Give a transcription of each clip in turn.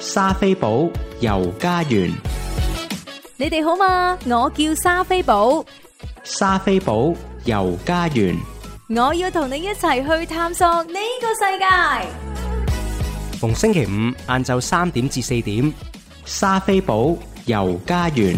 莎菲寶遊加園，你哋好嘛？我叫莎菲寶，莎菲寶遊加園，我要同你一齊去探索呢個世界。逢星期五晏晝三點至四點，莎菲寶遊加園。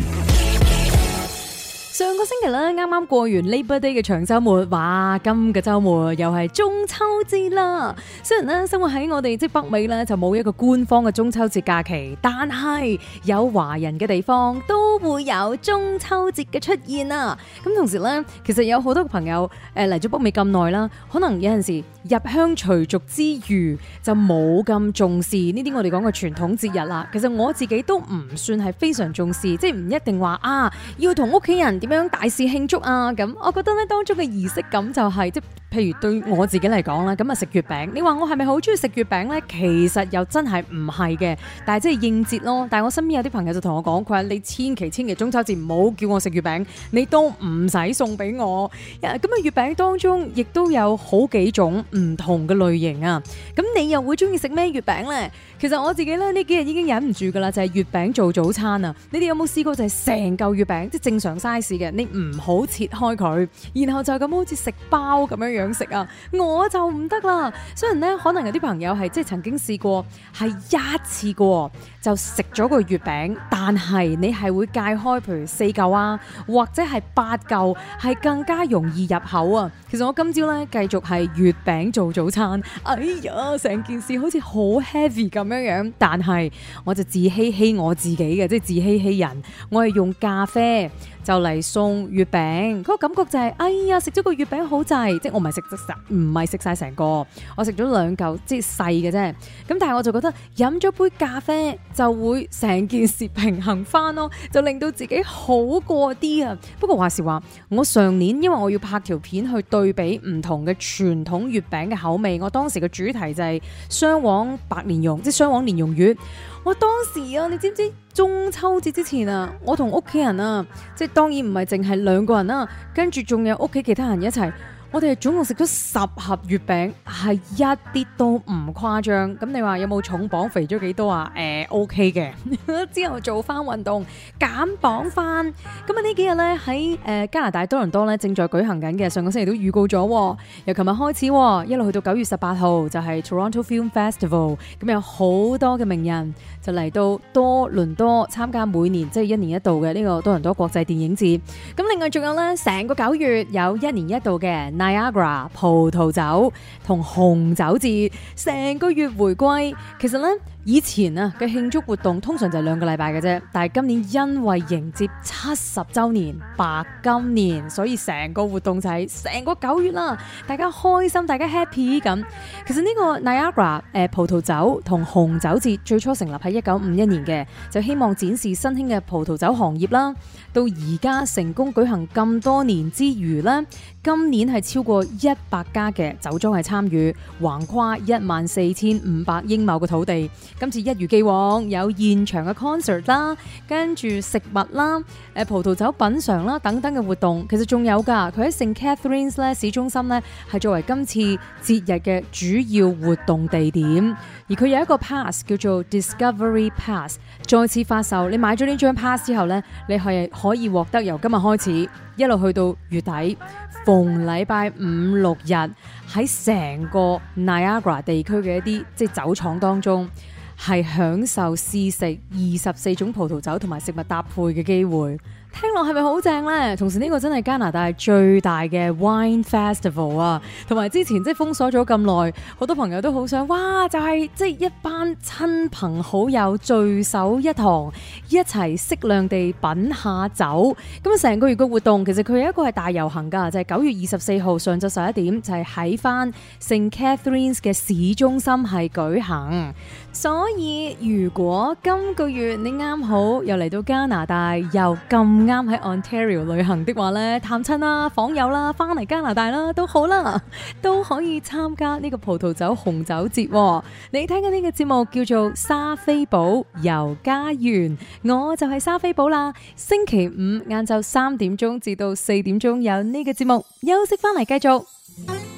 上個星期咧，啱啱過完 Labor Day 嘅長周末，哇！今個周末又係中秋節啦。雖然咧，生活喺我哋即北美咧就冇一個官方嘅中秋節假期，但係有華人嘅地方都會有中秋節嘅出現啊。咁同時咧，其實有好多朋友誒，嚟咗北美咁耐啦，可能有陣時入鄉隨俗之餘就冇咁重視呢啲我哋講嘅傳統節日啦。其實我自己都唔算係非常重視，即係唔一定話啊要同屋企人咁樣大肆慶祝啊！咁，我覺得咧，當中嘅儀式感就係即。譬如對我自己嚟講啦，咁啊食月餅，你話我係咪好中意食月餅呢？其實又真係唔係嘅，但係即係應節咯。但係我身邊有啲朋友就同我講，佢話你千祈千祈中秋節唔好叫我食月餅，你都唔使送俾我。咁、yeah, 啊月餅當中亦都有好幾種唔同嘅類型啊。咁你又會中意食咩月餅呢？其實我自己咧呢這幾日已經忍唔住噶啦，就係、是、月餅做早餐啊！你哋有冇試過就係成嚿月餅，即、就、係、是、正常 size 嘅，你唔好切開佢，然後就咁好似食包咁樣樣。食啊，我就唔得啦。雖然咧，可能有啲朋友係即係曾經試過係一次過就食咗個月餅，但係你係會戒開，譬如四嚿啊，或者係八嚿係更加容易入口啊。其實我今朝咧繼續係月餅做早餐。哎呀，成件事好似好 heavy 咁樣樣，但係我就自欺欺我自己嘅，即係自欺欺人。我係用咖啡就嚟送月餅，嗰個感覺就係、是、哎呀，食咗個月餅好滯，即係我食唔係食晒成個。我食咗兩嚿，即係細嘅啫。咁但係我就覺得飲咗杯咖啡就會成件事平衡翻咯，就令到自己好過啲啊。不過話時話，我上年因為我要拍條片去對比唔同嘅傳統月餅嘅口味，我當時嘅主題就係雙黃白蓮蓉，即係雙黃蓮蓉月。我當時啊，你知唔知中秋節之前啊，我同屋企人啊，即係當然唔係淨係兩個人啦，跟住仲有屋企其他人一齊。我哋總共食咗十盒月餅，係一啲都唔誇張。咁你話有冇重磅肥咗幾多啊？誒、呃，OK 嘅， 之後做翻運動減磅翻。咁啊呢幾日呢喺誒加拿大多倫多呢正在舉行緊嘅，上個星期都預告咗，由琴日開始一路去到九月十八號就係、是、Toronto Film Festival。咁有好多嘅名人就嚟到多倫多參加每年即係、就是、一年一度嘅呢個多倫多國際電影節。咁另外仲有呢成個九月有一年一度嘅。Niagara 葡萄酒同紅酒節，成個月回歸，其實咧。以前啊嘅慶祝活動通常就係兩個禮拜嘅啫，但係今年因為迎接七十周年白金年，所以成個活動就係成個九月啦。大家開心，大家 happy 咁。其實呢個 Niagara 誒葡萄酒同紅酒節最初成立喺一九五一年嘅，就希望展示新興嘅葡萄酒行業啦。到而家成功舉行咁多年之餘呢，今年係超過一百家嘅酒莊係參與，橫跨一萬四千五百英畝嘅土地。今次一如既往有現場嘅 concert 啦，跟住食物啦、呃，葡萄酒品嚐啦等等嘅活動，其實仲有㗎。佢喺聖 Catherine 嘅市中心咧，係作為今次節日嘅主要活動地點。而佢有一個 pass 叫做 Discovery Pass，再次發售。你買咗呢張 pass 之後咧，你係可以獲得由今日開始一路去到月底，逢禮拜五六日喺成個 Niagara 地區嘅一啲即係酒廠當中，係享受試食二十四種葡萄酒同埋食物搭配嘅機會。聽落係咪好正呢？同時呢個真係加拿大最大嘅 wine festival 啊，同埋之前即係封鎖咗咁耐，好多朋友都好想哇，就係即係一班親朋好友聚首一堂，一齊適量地品下酒。咁成個月嘅活動其實佢有一個係大遊行噶，就係九月二十四號上晝十一點，就係喺翻聖 Catherine 嘅市中心係舉行。所以如果今個月你啱好又嚟到加拿大，又咁，啱喺 Ontario 旅行的話呢，探親啦、訪友啦、翻嚟加拿大啦都好啦，都可以參加呢個葡萄酒紅酒節，哦。你聽緊呢個節目叫做莎菲寶遊加園，我就係莎菲寶啦。星期五晏晝三點鐘至到四點鐘有呢個節目，休息翻嚟繼續。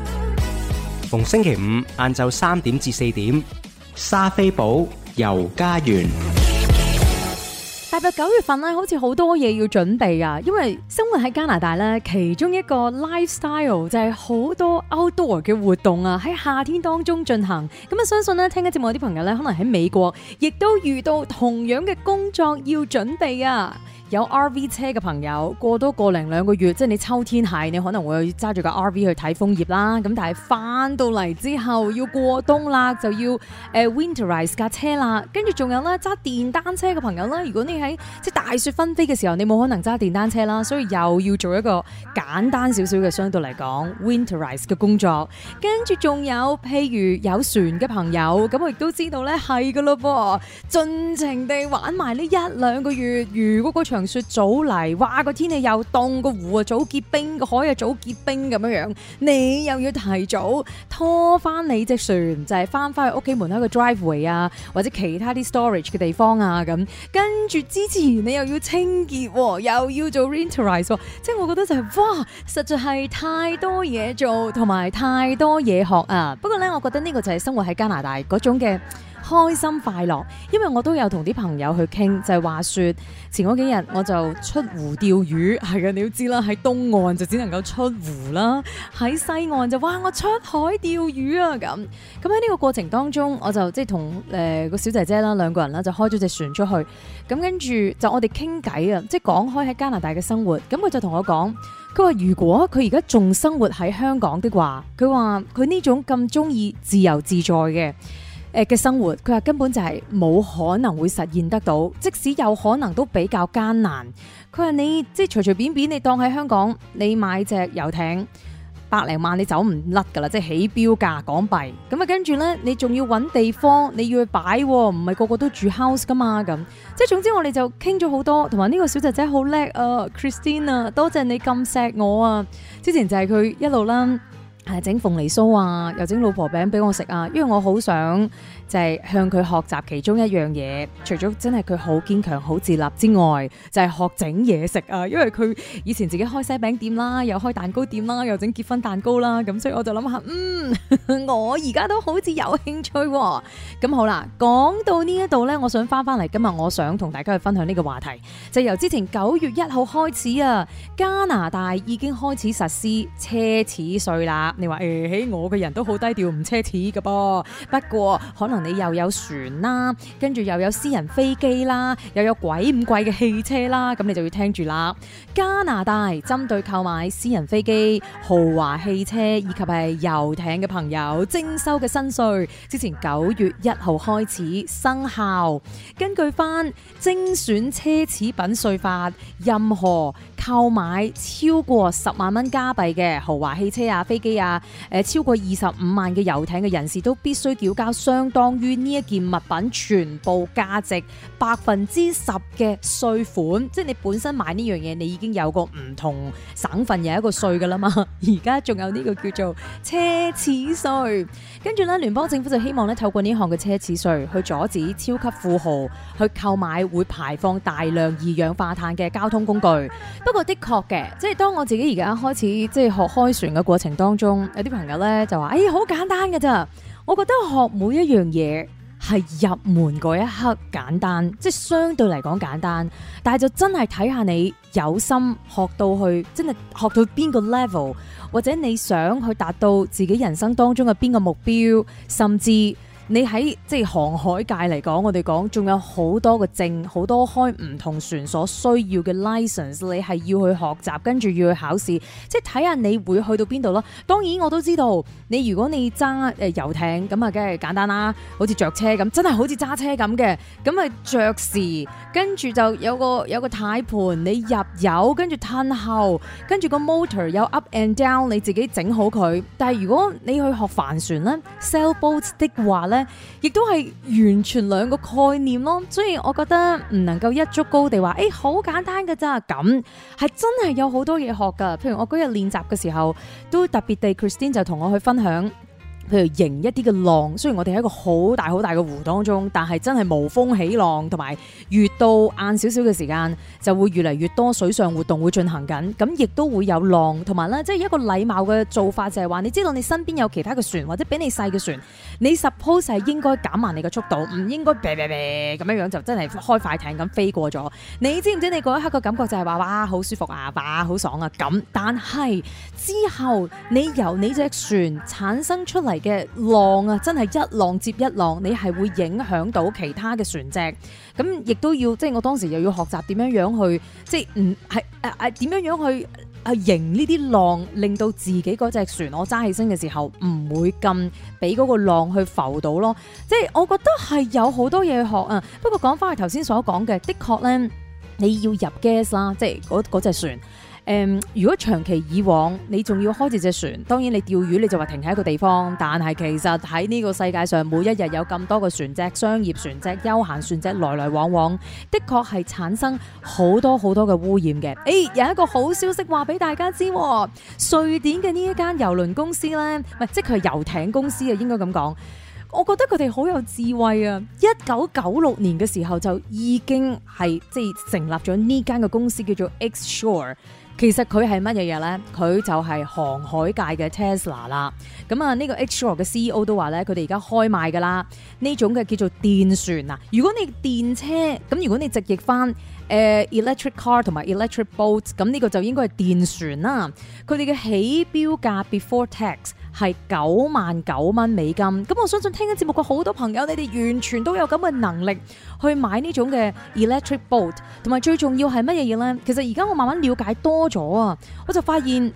逢星期五晏晝三點至四點，莎菲寶遊加園。大約九月份咧，好似好多嘢要準備啊！因為生活喺加拿大咧，其中一個 lifestyle 就係好多 outdoor 嘅活動啊，喺夏天當中進行。咁啊，相信咧聽緊節目啲朋友咧，可能喺美國，亦都遇到同樣嘅工作要準備啊。有 R.V. 車嘅朋友，過多個零兩個月，即係你秋天係你可能會揸住個 R.V. 去睇楓葉啦。咁但係翻到嚟之後要過冬啦，就要誒、呃、winterize 架車啦。跟住仲有咧揸電單車嘅朋友啦，如果你喺即係大雪紛飛嘅時候，你冇可能揸電單車啦，所以又要做一個簡單少少嘅相對嚟講 winterize 嘅工作。跟住仲有譬如有船嘅朋友，咁我亦都知道咧係噶咯噃，盡情地玩埋呢一兩個月。如果個場說早嚟，哇，個天氣又凍，個湖啊早結冰，個海啊早結冰咁樣樣，你又要提早拖翻你隻船，就係翻翻去屋企門口個 driveway 啊，或者其他啲 storage 嘅地方啊咁，跟住之前你又要清潔，又要做 winterize，即係我覺得就係、是、哇，實在係太多嘢做，同埋太多嘢學啊。不過咧，我覺得呢個就係生活喺加拿大嗰種嘅。開心快樂，因為我都有同啲朋友去傾，就係話說前嗰幾日我就出湖釣魚，係啊，你都知啦，喺東岸就只能夠出湖啦，喺西岸就哇我出海釣魚啊咁。咁喺呢個過程當中，我就即係同誒個小姐姐啦，兩個人啦就開咗隻船出去。咁跟住就我哋傾偈啊，即係講開喺加拿大嘅生活。咁佢就同我講，佢話如果佢而家仲生活喺香港的話，佢話佢呢種咁中意自由自在嘅，誒嘅生活，佢話根本就係冇可能會實現得到，即使有可能都比較艱難。佢話你即係隨隨便便你當喺香港，你買隻遊艇百零萬你走唔甩噶啦，即係起標價港幣。咁啊，跟住呢，你仲要揾地方，你要去擺，唔係個個都住 house 噶嘛咁。即係總之，我哋就傾咗好多，同埋呢個小姐姐好叻啊，Christina 啊，多謝你咁錫我啊！之前就係佢一路啦。係整鳳梨酥啊，又整老婆餅俾我食啊，因為我好想。就係向佢學習其中一樣嘢，除咗真係佢好堅強、好自立之外，就係學整嘢食啊！因為佢以前自己開西餅店啦，又開蛋糕店啦，又整結婚蛋糕啦，咁所以我就諗下，嗯，我而家都好似有興趣喎。咁好啦，講到呢一度呢，我想翻返嚟今日，我想同大家去分享呢個話題，就由之前九月一號開始啊，加拿大已經開始實施奢侈稅啦。你話誒，我嘅人都好低調，唔奢侈嘅噃，不過可能。你又有船啦，跟住又有私人飛機啦，又有鬼咁貴嘅汽車啦，咁你就要聽住啦。加拿大針對購買私人飛機、豪華汽車以及係遊艇嘅朋友徵收嘅新稅，之前九月一號開始生效。根據翻精選奢侈品稅法，任何。購買超過十萬蚊加幣嘅豪華汽車啊、飛機啊、誒超過二十五萬嘅遊艇嘅人士，都必須繳交相當於呢一件物品全部價值百分之十嘅稅款。即係你本身買呢樣嘢，你已經有個唔同省份有一個稅㗎啦嘛。而家仲有呢個叫做奢侈稅。跟住咧，聯邦政府就希望咧透過呢項嘅奢侈稅去阻止超級富豪去購買會排放大量二氧化碳嘅交通工具。不過的確嘅，即係當我自己而家開始即係學開船嘅過程當中，有啲朋友咧就話：哎，好簡單㗎咋？我覺得學每一樣嘢係入門嗰一刻簡單，即係相對嚟講簡單，但係就真係睇下你有心學到去，真係學到邊個 level，或者你想去達到自己人生當中嘅邊個目標，甚至。你喺即係航海界嚟講，我哋講仲有好多個證，好多開唔同船所需要嘅 license 你係要去學習，跟住要去考試，即係睇下你會去到邊度咯。當然我都知道，你如果你揸誒遊艇咁啊，梗係簡單啦，好似着車咁，真係好似揸車咁嘅，咁啊着時跟住就有個有個軚盤你入油跟住吞後跟住個 motor 有 up and down，你自己整好佢。但係如果你去學帆船咧，sail boats 的話咧。亦都係完全兩個概念咯，所以我覺得唔能夠一足高地話，誒、欸，好簡單㗎咋，咁係真係有好多嘢學㗎。譬如我嗰日練習嘅時候，都特別地，Christine 就同我去分享。譬如型一啲嘅浪，雖然我哋喺一個好大好大嘅湖當中，但係真係無風起浪，同埋越到晏少少嘅時間就會越嚟越多水上活動會進行緊，咁亦都會有浪，同埋咧即係一個禮貌嘅做法就係話你知道你身邊有其他嘅船或者比你細嘅船，你 suppose 係應該減慢你嘅速度，唔應該啤啤啤咁樣樣就真係開快艇咁飛過咗。你知唔知你嗰一刻嘅感覺就係話哇好舒服啊，哇好爽啊咁，但係之後你由你隻船產生出嚟嘅浪啊，真係一浪接一浪，你係會影響到其他嘅船隻，咁亦都要即係我當時又要學習點樣樣去，即係唔係誒誒點樣樣去去、啊、迎呢啲浪，令到自己嗰隻船我揸起身嘅時候唔會咁俾嗰個浪去浮到咯，即係我覺得係有好多嘢學啊，不過講翻去頭先所講嘅，的確咧你要入 gas 啦，即係嗰嗰隻船。誒、um，如果長期以往，你仲要開住隻船，當然你釣魚你就話停喺一個地方。但係其實喺呢個世界上，每一日有咁多個船隻，商業船隻、休閒船隻來來往往，的確係產生好多好多嘅污染嘅。誒、欸，有一個好消息話俾大家知，瑞典嘅呢一間郵輪公司呢，唔係即係佢遊艇公司啊，應該咁講。我覺得佢哋好有智慧啊！一九九六年嘅時候就已經係即係成立咗呢間嘅公司，叫做 X Shore。其實佢係乜嘢嘢咧？佢就係航海界嘅 Tesla 啦。咁啊，呢個 X Shore 嘅 CEO 都話咧，佢哋而家開賣噶啦。呢種嘅叫做電船啊。如果你電車咁，如果你直譯翻誒 electric car 同埋 electric boats，咁呢個就應該係電船啦。佢哋嘅起標價 before tax。係九萬九蚊美金，咁我相信聽緊節目嘅好多朋友，你哋完全都有咁嘅能力去買呢種嘅 electric boat，同埋最重要係乜嘢嘢呢？其實而家我慢慢了解多咗啊，我就發現。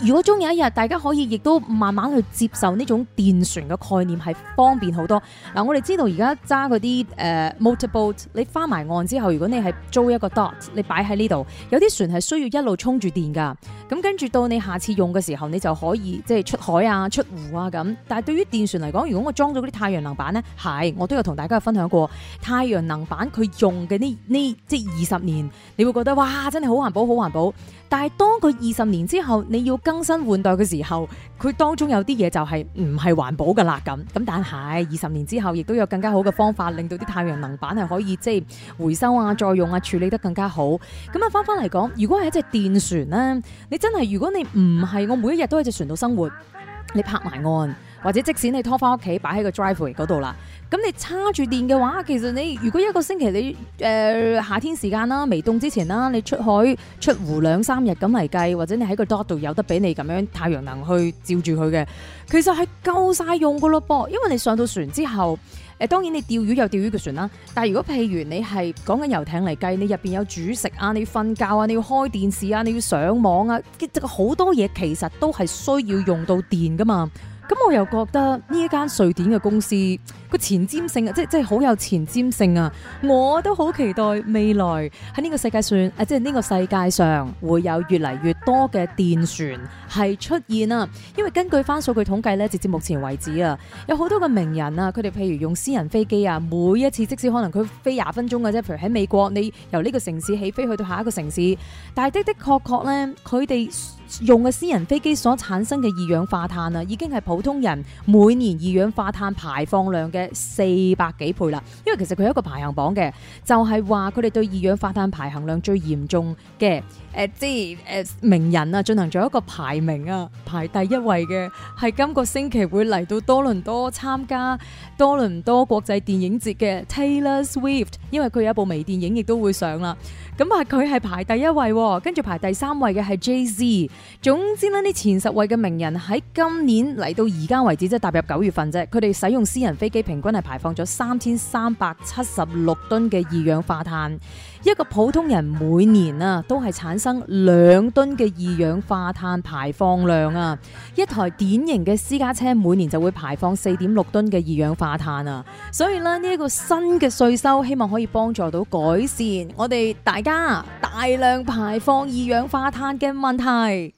如果終有一日，大家可以亦都慢慢去接受呢種電船嘅概念，係方便好多。嗱，我哋知道而家揸嗰啲誒 motorboat，你翻埋岸之後，如果你係租一個 dot，你擺喺呢度，有啲船係需要一路充住電噶。咁跟住到你下次用嘅時候，你就可以即係出海啊、出湖啊咁。但係對於電船嚟講，如果我裝咗啲太陽能板呢，係我都有同大家分享過，太陽能板佢用嘅呢呢即係二十年，你會覺得哇，真係好環保，好環保。但係當佢二十年之後你要更新換代嘅時候，佢當中有啲嘢，就係唔係環保噶啦咁。咁但係二十年之後亦都有更加好嘅方法，令到啲太陽能板係可以即係回收啊、再用啊、處理得更加好。咁啊，翻翻嚟講，如果係一隻電船咧，你真係如果你唔係我每一日都喺隻船度生活，你泊埋岸，或者即使你拖翻屋企擺喺個 driveway 嗰度啦。咁你插住電嘅話，其實你如果一個星期你、呃、夏天時間啦，未凍之前啦，你出海出湖兩三日咁嚟計，或者你喺個 Dock 度有得俾你咁樣太陽能去照住佢嘅，其實係夠晒用噶咯噃，因為你上到船之後，誒、呃、當然你釣魚有釣魚嘅船啦，但如果譬如你係講緊遊艇嚟計，你入面有煮食啊，你瞓覺啊，你要開電視啊，你要上網啊，即係好多嘢其實都係需要用到電噶嘛。咁我又覺得呢間瑞典嘅公司個前瞻性啊，即係即係好有前瞻性啊！我都好期待未來喺呢個世界上，即係呢個世界上會有越嚟越多嘅電船係出現啊！因為根據翻數據統計呢，直至目前為止啊，有好多嘅名人啊，佢哋譬如用私人飛機啊，每一次即使可能佢飛廿分鐘嘅啫，譬如喺美國你由呢個城市起飛去到下一個城市，但係的的確確呢，佢哋。用嘅私人飛機所產生嘅二氧化碳啊，已經係普通人每年二氧化碳排放量嘅四百幾倍啦。因為其實佢有一個排行榜嘅，就係話佢哋對二氧化碳排行量最嚴重嘅。誒，即係名人啊，進行咗一個排名啊，排第一位嘅係今個星期會嚟到多倫多參加多倫多國際電影節嘅 Taylor Swift，因為佢有一部微電影亦都會上啦。咁話佢係排第一位，跟住排第三位嘅係 Jay Z。總之呢啲前十位嘅名人喺今年嚟到而家為止，即係踏入九月份啫，佢哋使用私人飛機平均係排放咗三千三百七十六噸嘅二氧化碳。一個普通人每年啊，都係產生兩噸嘅二氧化碳排放量啊。一台典型嘅私家車每年就會排放四點六噸嘅二氧化碳啊。所以呢，呢一個新嘅稅收，希望可以幫助到改善我哋大家大量排放二氧化碳嘅問題。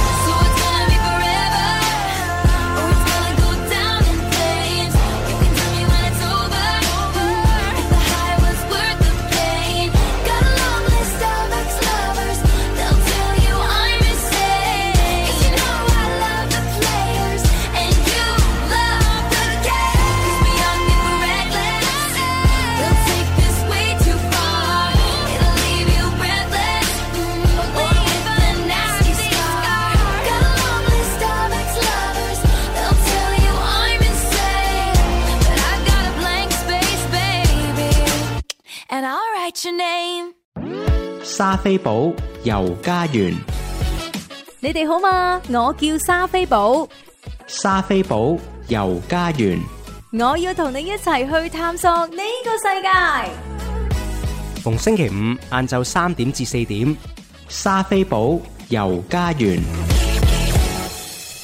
莎菲寶遊加園，你哋好嘛？我叫莎菲寶。莎菲寶遊加園，我要同你一齊去探索呢個世界。逢星期五晏晝三點至四點，莎菲寶遊加園。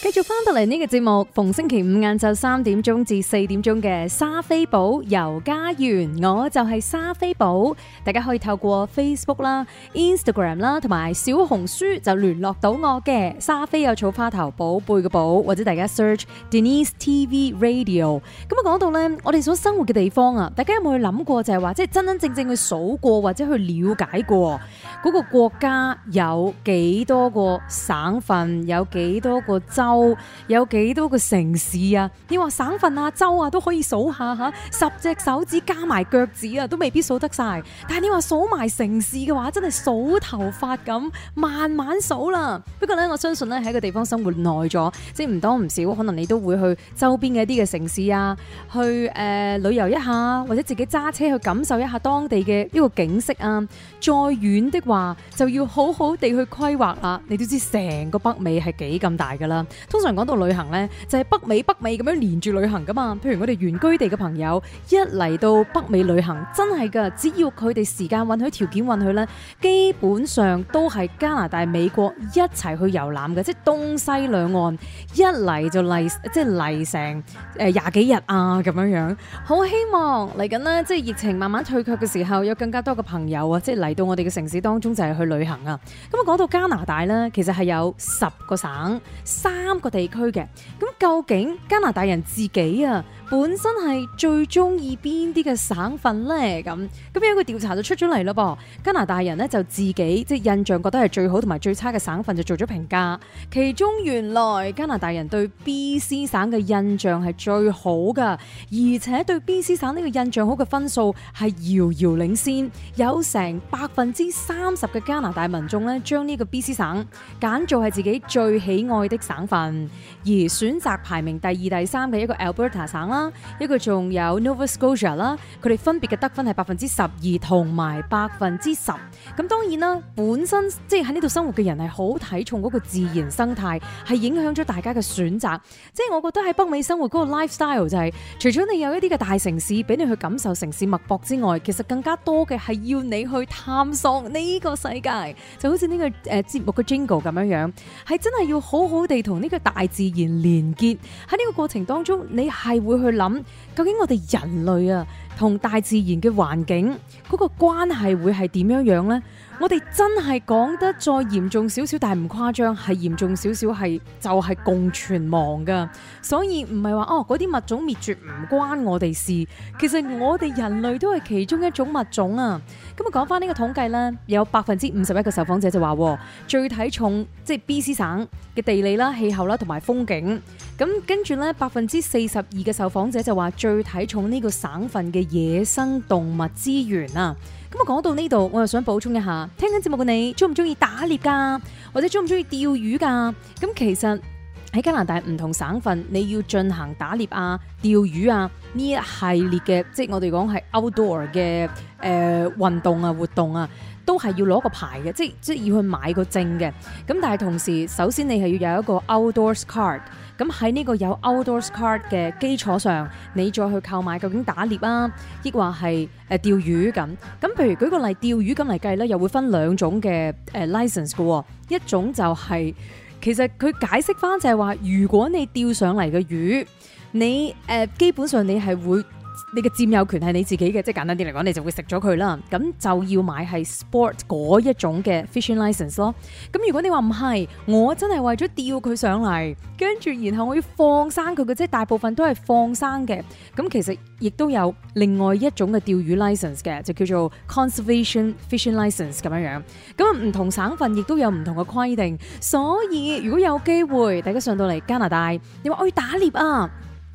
繼續翻到嚟呢個節目，逢星期五晏晝三點鐘至四點鐘嘅莎菲寶遊加園，我就係莎菲寶，大家可以透過 Facebook 啦、Instagram 啦同埋小紅書就聯絡到我嘅莎菲有草花頭寶貝嘅寶，或者大家 search Denise TV Radio。咁啊講到呢，我哋所生活嘅地方啊，大家有冇去諗過，就係話即係真真正正去數過或者去了解過嗰個國家有幾多個省份，有幾多個州？哦、有幾多個城市啊？你話省份啊、州啊都可以數下吓，十隻手指加埋腳趾啊，都未必數得晒。但係你話數埋城市嘅話，真係數頭髮咁，慢慢數啦。不過呢，我相信呢喺個地方生活耐咗，即係唔多唔少，可能你都會去周邊嘅一啲嘅城市啊，去誒、呃、旅遊一下，或者自己揸車去感受一下當地嘅呢個景色啊。再遠的話，就要好好地去規劃啦。你都知成個北美係幾咁大噶啦。通常講到旅行呢，就係北美北美咁樣連住旅行噶嘛。譬如我哋原居地嘅朋友一嚟到北美旅行，真係噶，只要佢哋時間允許、條件允許呢，基本上都係加拿大、美國一齊去遊覽嘅，即係東西兩岸一嚟就嚟，即嚟成誒廿幾日啊咁樣樣。好希望嚟緊呢，即係疫情慢慢退卻嘅時候，有更加多嘅朋友啊，即係嚟到我哋嘅城市當中就係去旅行啊。咁啊講到加拿大呢，其實係有十個省三個地區嘅，咁究竟加拿大人自己啊，本身係最中意邊啲嘅省份咧？咁咁有個調查就出咗嚟咯噃。加拿大人咧就自己即係印象覺得係最好同埋最差嘅省份就做咗評價，其中原來加拿大人對 BC 省嘅印象係最好嘅，而且對 BC 省呢個印象好嘅分數係遙遙領先。有成百分之三十嘅加拿大民眾咧將呢個 BC 省揀做係自己最喜愛的省份，而選擇排名第二、第三嘅一個 Alberta 省啦。一個仲有 Nova Scotia 啦，佢哋分別嘅得分係百分之十二同埋百分之十。咁當然啦，本身即係喺呢度生活嘅人係好睇重個自然生態，係影響咗大家嘅選擇。即係我覺得喺北美生活個 lifestyle 就係，除咗你有一啲嘅大城市俾你去感受城市脈搏之外，其實更加多嘅係要你去探索呢個世界。就好似呢個誒節目嘅 Jingle 咁樣樣，係真係要好好地同呢個大自然連結。喺呢個過程當中，你係會去。去諗究竟我哋人類啊，同大自然嘅環境嗰個關係會係點樣樣咧？我哋真係講得再嚴重少少，但係唔誇張，係嚴重少少，係就係、是、共存亡噶。所以唔係話哦，嗰啲物種滅絕唔關我哋事。其實我哋人類都係其中一種物種啊。咁啊，講翻呢個統計呢，有百分之五十一嘅受訪者就話最睇重即係、就是、BC 省嘅地理啦、氣候啦同埋風景。咁跟住呢，百分之四十二嘅受訪者就話最睇重呢個省份嘅野生動物資源啊。咁我講到呢度，我又想補充一下，聽緊節目嘅你，鍾唔鍾意打獵㗎，或者鍾唔鍾意釣魚㗎？咁其實喺加拿大唔同省份，你要進行打獵啊、釣魚啊呢一系列嘅，即係我哋講係 outdoor 嘅誒運動啊、活動啊。都係要攞個牌嘅，即係即係要去買個證嘅。咁但係同時，首先你係要有一個 outdoors card。咁喺呢個有 outdoors card 嘅基礎上，你再去購買究竟打獵啊，亦或係誒釣魚咁。咁譬如舉個例，釣魚咁嚟計咧，又會分兩種嘅誒、呃、license 嘅。一種就係、是，其實佢解釋翻就係話，如果你釣上嚟嘅魚，你誒、呃、基本上你係會。你嘅佔有權係你自己嘅，即係簡單啲嚟講，你就會食咗佢啦。咁就要買係 sport 嗰一種嘅 fishing license 咯。咁如果你話唔係，我真係為咗釣佢上嚟，跟住然後我要放生佢嘅，即係大部分都係放生嘅。咁其實亦都有另外一種嘅釣魚 license 嘅，就叫做 conservation fishing license 咁樣樣。咁唔同省份亦都有唔同嘅規定，所以如果有機會，大家上到嚟加拿大，你話我要打獵啊！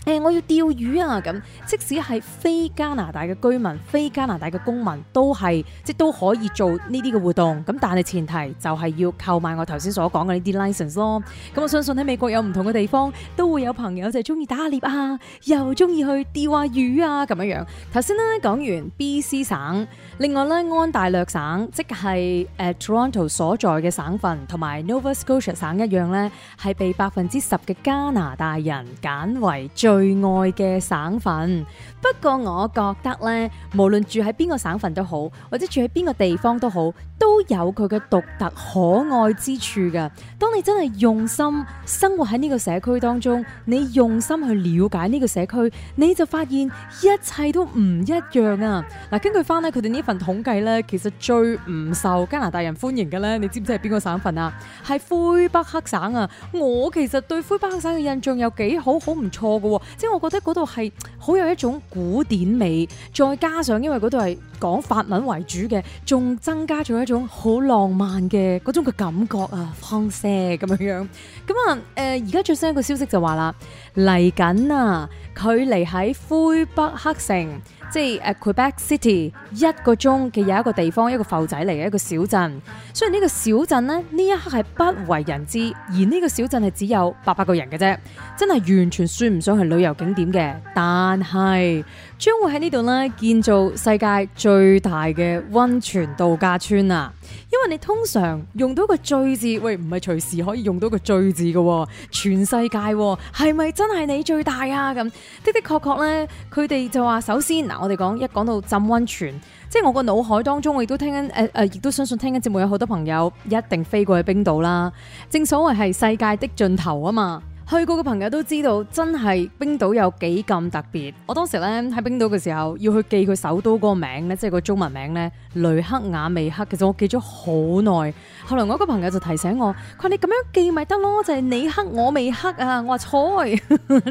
誒，我要釣魚啊！咁即使係非加拿大嘅居民、非加拿大嘅公民都，都係即都可以做呢啲嘅活動。咁但係前提就係要購買我頭先所講嘅呢啲 license 咯。咁我相信喺美國有唔同嘅地方，都會有朋友就係中意打獵啊，又中意去釣下魚啊咁樣樣。頭先呢講完 B.C 省，另外咧，安大略省，即係誒 Toronto 所在嘅省份，同埋 Nova Scotia 省一樣咧，係被百分之十嘅加拿大人揀為最愛嘅省份。不過我覺得咧，無論住喺邊個省份都好，或者住喺邊個地方都好，都有佢嘅獨特可愛之處噶。當你真係用心生活喺呢個社區當中，你用心去了解呢個社區，你就發現一切都唔一樣啊！嗱，根據翻咧佢哋呢份統計呢，其實最唔受加拿大人歡迎嘅呢。你知唔知係邊個省份啊？係魁北克省啊！我其實對魁北克省嘅印象有幾好，好唔錯噶，即係我覺得嗰度係好有一種。古典美，再加上因為嗰度係講法文為主嘅，仲增加咗一種好浪漫嘅嗰種嘅感覺啊，放聲咁樣樣。咁啊，誒而家最新一個消息就話啦，嚟緊啊，佢嚟喺魁北克城。即係 Quebec City 一個鐘嘅，有一個地方，一個埠仔嚟嘅，一個小鎮。雖然呢個小鎮呢，呢一刻係不為人知，而呢個小鎮係只有八百個人嘅啫，真係完全算唔上係旅遊景點嘅。但係將會喺呢度呢，建造世界最大嘅溫泉度假村啊！因為你通常用到個最字，喂，唔係隨時可以用到個最字嘅，全世界係咪真係你最大啊？咁的的確確咧，佢哋就話，首先嗱，我哋講一講到浸溫泉，即係我個腦海當中，我亦都聽緊，誒、呃、誒，亦都相信聽緊節目有好多朋友一定飛過去冰島啦，正所謂係世界的盡頭啊嘛。去過嘅朋友都知道，真係冰島有幾咁特別。我當時咧喺冰島嘅時候，要去記佢首都嗰個名咧，即係個中文名咧，雷克雅未克。其實我記咗好耐，後來我一個朋友就提醒我，佢話你咁樣記咪得咯，就係、是、你黑我未黑啊。我話錯，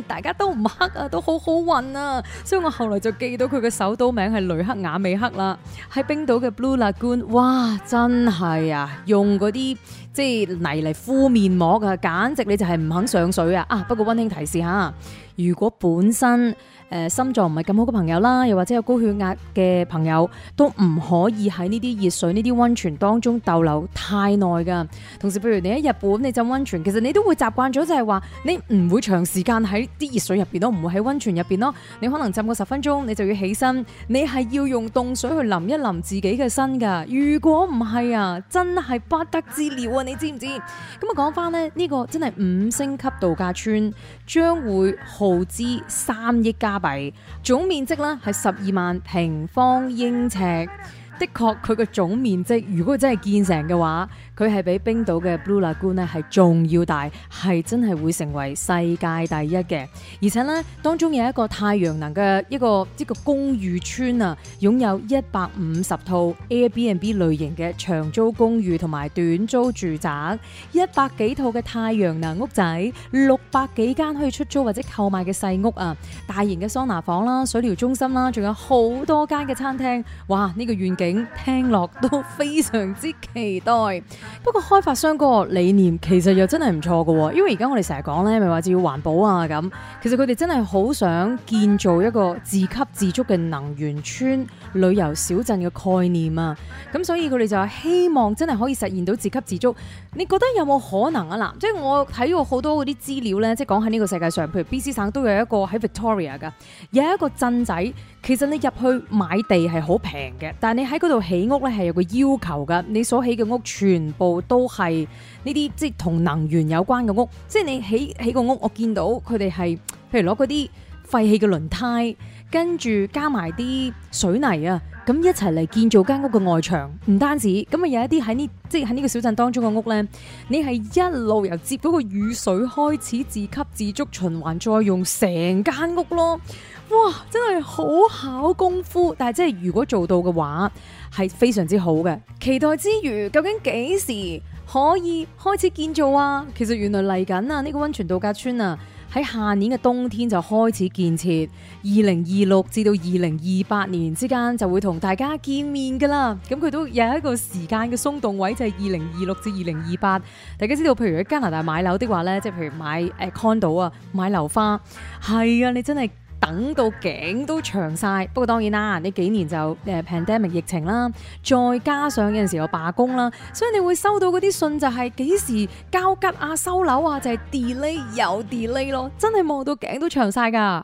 大家都唔黑啊，都好好運啊。所以我後來就記到佢嘅首都名係雷克雅未克啦。喺冰島嘅 Blue Lagoon，哇，真係啊，用嗰啲。即係泥嚟敷面膜㗎！簡直你就係唔肯上水啊！啊不過温馨提示下，如果本身。誒心臟唔係咁好嘅朋友啦，又或者有高血壓嘅朋友都唔可以喺呢啲熱水、呢啲温泉當中逗留太耐噶。同時，譬如你喺日本，你浸温泉，其實你都會習慣咗，就係話你唔會長時間喺啲熱水入邊都唔會喺温泉入邊咯。你可能浸個十分鐘，你就要起身，你係要用凍水去淋一淋自己嘅身噶。如果唔係啊，真係不得之了啊！你知唔知？咁啊，講翻呢，呢個真係五星級度假村將會耗資三億加。總面積呢係十二萬平方英尺，的確佢個總面積如果真係建成嘅話。佢係比冰島嘅 Blue Lagoon 咧，係仲要大，係真係會成為世界第一嘅。而且呢，當中有一個太陽能嘅一個一個公寓村啊，擁有一百五十套 Airbnb 類型嘅長租公寓同埋短租住宅，一百幾套嘅太陽能屋仔，六百幾間可以出租或者購買嘅細屋啊，大型嘅桑拿房啦、水療中心啦，仲有好多間嘅餐廳。哇！呢、這個願景聽落都非常之期待。不過開發商嗰個理念其實又真係唔錯㗎，因為而家我哋成日講咧，咪話要環保啊咁。其實佢哋真係好想建造一個自給自足嘅能源村、旅遊小鎮嘅概念啊。咁所以佢哋就希望真係可以實現到自給自足。你覺得有冇可能啊？嗱，即係我睇過好多嗰啲資料咧，即係講喺呢個世界上，譬如 B.C 省都有一個喺 Victoria 㗎，有一個鎮仔。其實你入去買地係好平嘅，但係你喺嗰度起屋咧係有個要求㗎，你所起嘅屋全全部都係呢啲即係同能源有關嘅屋，即係你起起個屋，我見到佢哋係，譬如攞嗰啲廢棄嘅輪胎，跟住加埋啲水泥啊，咁一齊嚟建造間屋嘅外牆。唔單止，咁啊有一啲喺呢，即係喺呢個小鎮當中嘅屋呢，你係一路由接嗰個雨水開始自給自足循環再用成間屋咯。哇，真係好考功夫，但係真係如果做到嘅話，係非常之好嘅。期待之餘，究竟幾時可以開始建造啊？其實原來嚟緊啊，呢個溫泉度假村啊，喺下年嘅冬天就開始建設，二零二六至到二零二八年之間就會同大家見面噶啦。咁佢都有一個時間嘅鬆動位，就係二零二六至二零二八。大家知道，譬如喺加拿大買樓的話呢，即係譬如買誒 condo 啊，買樓花，係啊，你真係。等到頸都長晒，不過當然啦，呢幾年就誒 pandemic 疫情啦，再加上有陣時候有罷工啦，所以你會收到嗰啲信就係幾時交吉啊、收樓啊，就係 delay 又 delay 咯，真係望到頸都長晒㗎。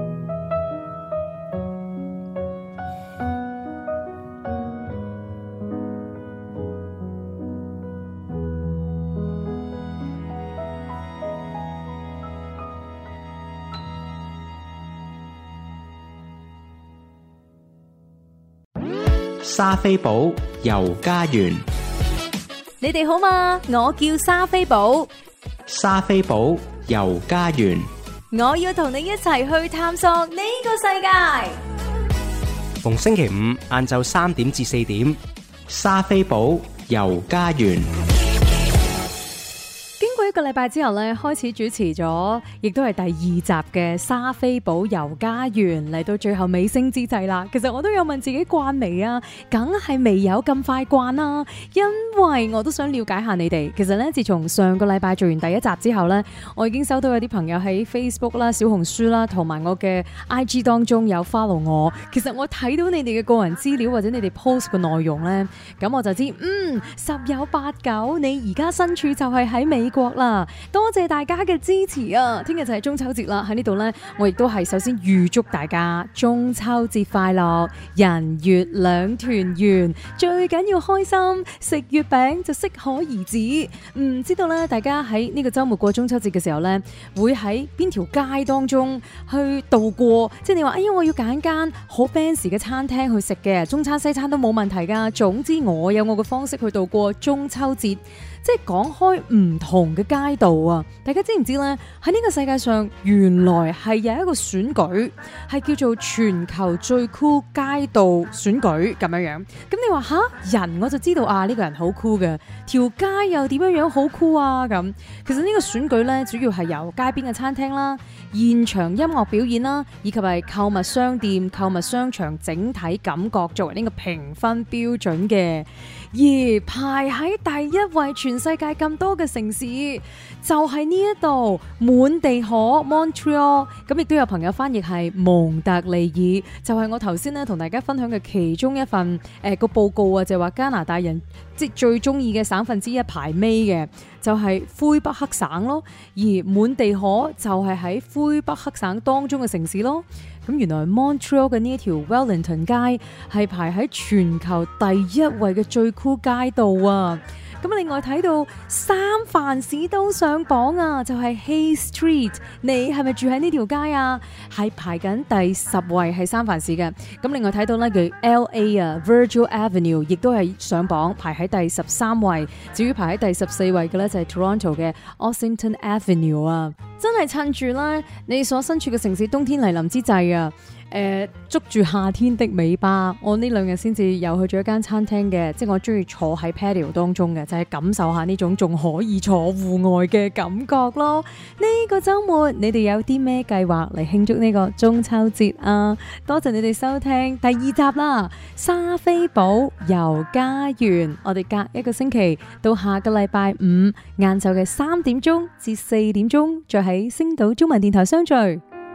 莎菲寶遊加園，你哋好嘛？我叫莎菲寶。莎菲寶遊加園，我要同你一齊去探索呢個世界。逢星期五晏晝三點至四點，莎菲寶遊加園。一個禮拜之後咧，開始主持咗，亦都係第二集嘅莎菲寶遊加園嚟到最後尾聲之際啦。其實我都有問自己慣未啊？梗係未有咁快慣啦，啊，因為我都想了解下你哋。其實咧，自從上個禮拜做完第一集之後咧，我已經收到有啲朋友喺 Facebook 啦、小紅書啦，同埋我嘅 IG 當中有 follow 我。其實我睇到你哋嘅個人資料或者你哋 post 嘅內容咧，咁我就知道，嗯，十有八九你而家身處就係喺美國。多謝大家嘅支持啊！聽日就係中秋節啦，喺呢度呢，我亦都係首先預祝大家中秋節快樂，人月兩團圓，最緊要開心，食月餅就適可而止。唔知道咧，大家喺呢個周末過中秋節嘅時候呢，會喺邊條街當中去度過？即係你話，哎呦，我要揀間好 fans 嘅餐廳去食嘅，中餐西餐都冇問題噶。總之，我有我嘅方式去度過中秋節。即係講開唔同嘅街道啊，大家知唔知呢？喺呢個世界上，原來係有一個選舉，係叫做全球最酷街道選舉咁樣樣。咁你話吓人，我就知道啊，呢個人好酷嘅，條街又點樣樣好酷啊咁。其實呢個選舉呢，主要係由街邊嘅餐廳啦、現場音樂表演啦，以及係購物商店、購物商場整體感覺作為呢個評分標準嘅。而排喺第一位，全世界咁多嘅城市就係呢一度滿地可 Montreal，咁亦都有朋友翻譯係蒙特利爾，就係我頭先咧同大家分享嘅其中一份誒個報告啊，就係話加拿大人即最中意嘅省份之一排尾嘅，就係魁北克省咯，而滿地可就係喺魁北克省當中嘅城市咯。咁原來 Montreal 嘅呢條 Wellington 街係排喺全球第一位嘅最酷街道啊！咁另外睇到三藩市都上榜啊，就係、是、Hay Street，你係咪住喺呢條街啊？係排緊第十位，係三藩市嘅。咁另外睇到呢叫 L A 啊，Virgil Avenue 亦都係上榜，排喺第十三位。至於排喺第十四位嘅呢，就係、是、Toronto 嘅 Ossington Avenue 啊，真係趁住啦！你所身處嘅城市，冬天來臨之際啊。誒，捉住夏天的尾巴，我呢兩日先至又去咗一間餐廳嘅，即係我鍾意坐喺 patio 當中嘅，就係、是、感受下呢種仲可以坐戶外嘅感覺咯。呢、這個周末你哋有啲咩計劃嚟慶祝呢個中秋節啊？多謝你哋收聽第二集啦，莎菲寶遊加園。我哋隔一個星期到下個禮拜五晏晝嘅三點鐘至四點鐘，再喺星島中文電台相聚。